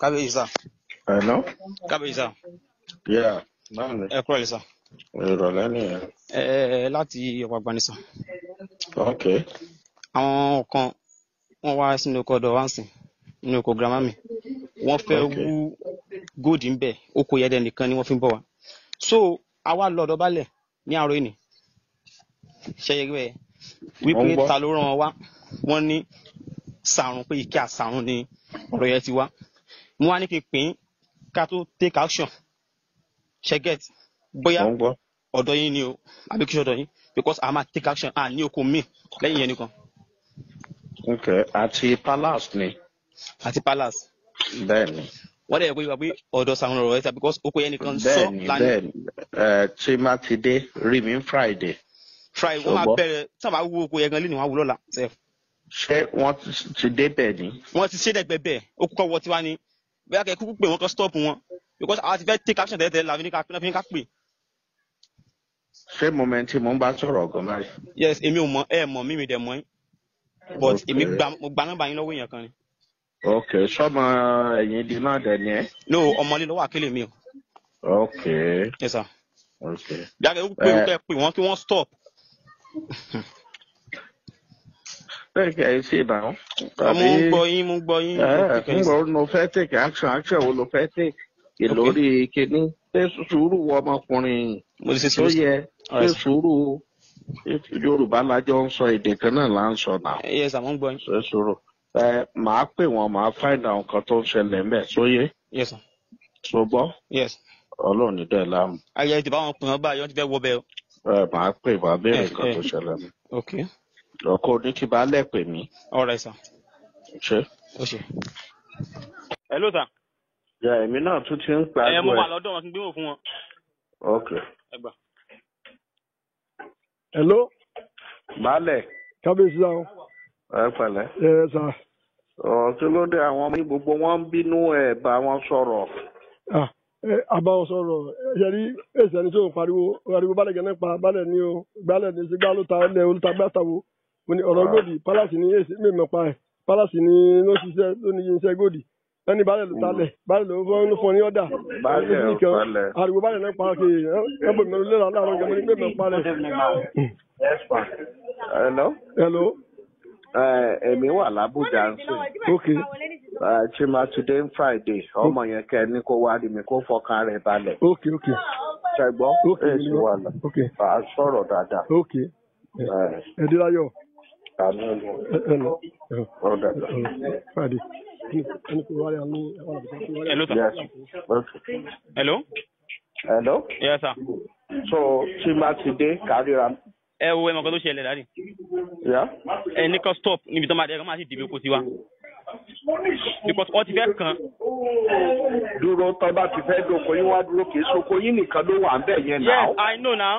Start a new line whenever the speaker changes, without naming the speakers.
kábíyèsí sà. ẹ̀nà. kábíyèsí sà. yíyá náà ni. ẹ kúrò lè sà. ìrọ̀lẹ́ nìyẹn. ẹ ẹ láti ọ̀pọ̀ agbanisàn. ok. àwọn kan wọ́n wá sínú oko ọ̀dọ̀ wá nínú oko girama mi wọ́n fẹ́ wú góòdì ń bẹ̀ oko yẹdẹ nìkan ni wọ́n fi ń bọ̀ so àwa lọ ọ̀dọ̀ balẹ̀ ní àárọ̀ yìí ni ṣẹyẹ gbẹ wípé ta ló rán wá wọ́n ní sàrùn pé ike àsàrùn ni ọ̀rọ̀ yẹn ti wá mo wá ní kí n pín ká tó take action ṣe get bóyá ọ̀dọ̀ yín ni o àbí kí ṣe ọ̀dọ̀ yín because a take action à ní oko míì lẹ́yìn yẹn nìkan. ok àti palace ni. àti palace. bẹ́ẹ̀ni. wọ́n dẹ̀ pé wíwá pé ọ̀dọ̀ sàrùn ọ̀rọ̀ because oko yẹn nìkan sọ lánàá. bẹ́ẹ̀ni bẹ́ẹ̀ni tí má rí mi friday. friday wọ́n máa bẹ̀rẹ̀ tí wọ́n bá wú oko yẹn gan lé ní wọ́n á wú lọ́la ṣe wọ́n ti débẹ̀ ni. wọ́n ti ṣe dẹ̀gbẹ̀ bẹ́ẹ̀ ó kọ́ wọ tiwa ni bóyá kẹ́ kúkú pè wọ́n kan stop wọn because àwa ti fẹ́ take action tẹ́lẹ̀ tẹ́lẹ̀ làwọn ní ká pín náà pè. ṣé mọ̀mẹ́ntì mò ń bá sọ̀rọ̀ ọ̀gán báyìí. yes èmi ò mọ ẹ mọ mímì dẹ mọ yín but èmi gba nọ́mbà yín lọ́wọ́ èèyàn kan ni. ok sọmọ ẹyin di náà dẹ ni ẹ. no ọmọ lílọ wà kílè mi o. ok. yes sir. ok. jáde eh. ó pè wọ́n kí wọ́n stop. bẹ́ẹ̀ kí ẹ ṣe ìbàwọ́n. mo ń gbọ́ yín mo ń gbọ́ yín. ń gbọ́ no fẹ́ take action action wo lo fẹ́ take ìlórí kínní ṣé sùúrù wọ ọmọkùnrin tó yẹ ṣé sùúrù yorùbá lájọ ń sọ èdè kan náà là ń sọ náà. Eh, yes àmọ́ ń gbọ́ yín. ṣé sùúrù ẹ màá pè wọ́n màá find out nǹkan tó ń ṣẹlẹ̀ ńbẹ̀ sóyè. yes sir. so gbọ́. yes. ọlọ́run ní dẹ̀ láàmú. ayẹyẹ ìdìbò àwọn ọkùnrin ọba àyọ̀ ti fẹ́ wọ bẹ́ẹ̀ o. ẹ màá pè wọ́n eh, abẹ́rẹ́ ọkọ oníkíbalẹ̀ pè mí. ọ̀rẹ́ sàn. ṣe. ó ṣe. ẹ ló sàn. ya èmi náà tún ti ń pa agbó ẹ. ẹ mo wà lọ́dọ̀ wọn kí n gbé wò fún wọn. ok. ẹ gbà. ẹ ló. baálẹ̀. kábíyèsí sá o. ẹ pẹ̀lẹ́. ẹ sá. ọ̀tí ló dé àwọn ọmọ gbogbo wọn ń bínú ẹ̀ bá wọn sọ̀rọ̀. àbáwọn ah, sọ̀rọ̀ yẹrí èsì ẹni tó ń pariwo pariwo baálẹ̀ gẹ́gẹ́ pa baálẹ̀ ni o baálẹ̀ ni sí gbá ló ta ẹ̀ lẹ́ olùtagbàtàwọ̀ mo ní ọ̀rọ̀ ah. góòdì palace ní yéèsì mi mọ̀ pa ẹ̀ palace ní ló ṣiṣẹ́ ló ní yíṣẹ́ góòdì wọ́n ní baálẹ̀ ló talẹ̀ mm. baálẹ̀ ló fọ́n fọ́n ní ọ̀dà baálẹ̀ ló talẹ̀ ariwo baálẹ̀ náà pa kiri ẹ̀ bọ̀ mẹ́rin lẹ́la láàárọ̀ jẹ́ ní gbẹ̀mọ̀ palẹ̀. hello. hello. Eh, èmi wà lábújá ń sìn. ok. Eh, today friday ọmọ yẹn kẹ ní kó wá rí mi kó fọkàn rẹ̀ balẹ̀. ok ok. ṣẹgbọ́n èsì wà lọ. ok. sọ̀rọ̀ dáadáa. ok. Eh. ẹ̀ẹ́dẹ́rayọ̀ hello sir. hello. hello. yes sir. so tí máa ti dé kárìíra. ẹ wo ẹ mọ̀ kan tó ṣẹlẹ̀ dáadé. ẹ ní kọ́ stop níbi tó máa dé ẹ kọ́ máa ti dìbò kó sí wa because wọ́n ti fẹ́ kàn. dúró tọ́ bá ti fẹ́ dóko yín wá dúró kì í soko yín nìkan ló wà ń bẹ̀ yẹn náà. yes i know now.